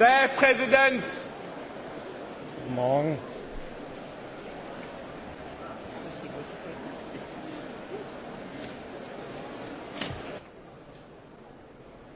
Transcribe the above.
Der Präsident! Morgen.